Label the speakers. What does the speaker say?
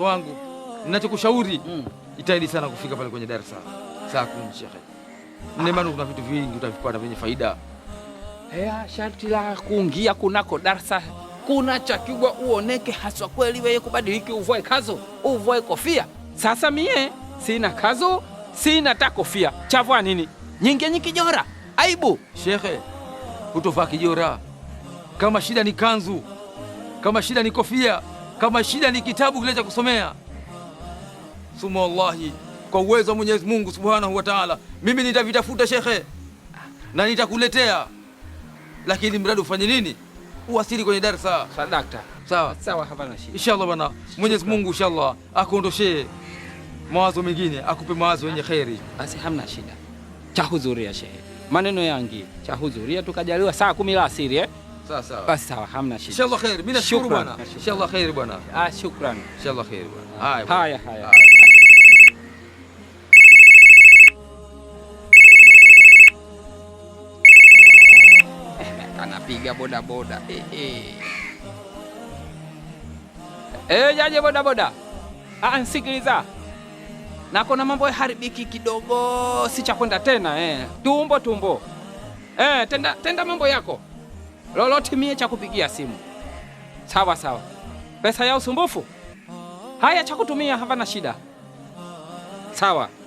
Speaker 1: wangu ninachokushauri mm. Itaidi sana kufika pale kwenye darasa saa kumi shekhe mle kuna vitu vingi utavipata vyenye faida.
Speaker 2: Hea, sharti la kuingia kunako darasa kuna chakigwa uoneke haswa kweli weye kubadiliki, uvoe kazo uvoe kofia. Sasa mie sina kazo sina ta kofia, chavwa nini nyingi nyingi kijora aibu.
Speaker 1: Shekhe, hutovaa kijora kama shida ni kanzu, kama shida ni kofia kama shida ni kitabu kile cha kusomea, suma wallahi, kwa uwezo wa Mwenyezi Mungu subhanahu wa taala, mimi nitavitafuta shekhe na nitakuletea, lakini mradi ufanye nini? Uwasili kwenye darsa. Sawa sawa, hapana shida. Inshallah bana, Mwenyezi Mungu inshallah akuondoshee mawazo mengine, akupe mawazo yenye kheri.
Speaker 3: Basi hamna shida, cha shehe, maneno yangi cha tukajaliwa saa kumi la asiri eh? sawa sawa, basi sawa, hamna shida.
Speaker 1: Inshallah khair. Mimi nashukuru bwana. Inshallah khair bwana.
Speaker 3: Ah, shukran.
Speaker 1: Inshallah khair bwana. Haya,
Speaker 3: haya, haya.
Speaker 2: Anapiga boda boda. Eh, Eh, eh jaje boda boda. Ah, nsikiliza. Na kuna mambo haribiki kidogo, si cha kwenda tena eh. Tumbo tumbo. Eh, tenda tenda mambo yako loloti mie cha kupigia simu. Sawa sawa, pesa ya usumbufu haya, cha kutumia na shida. Sawa.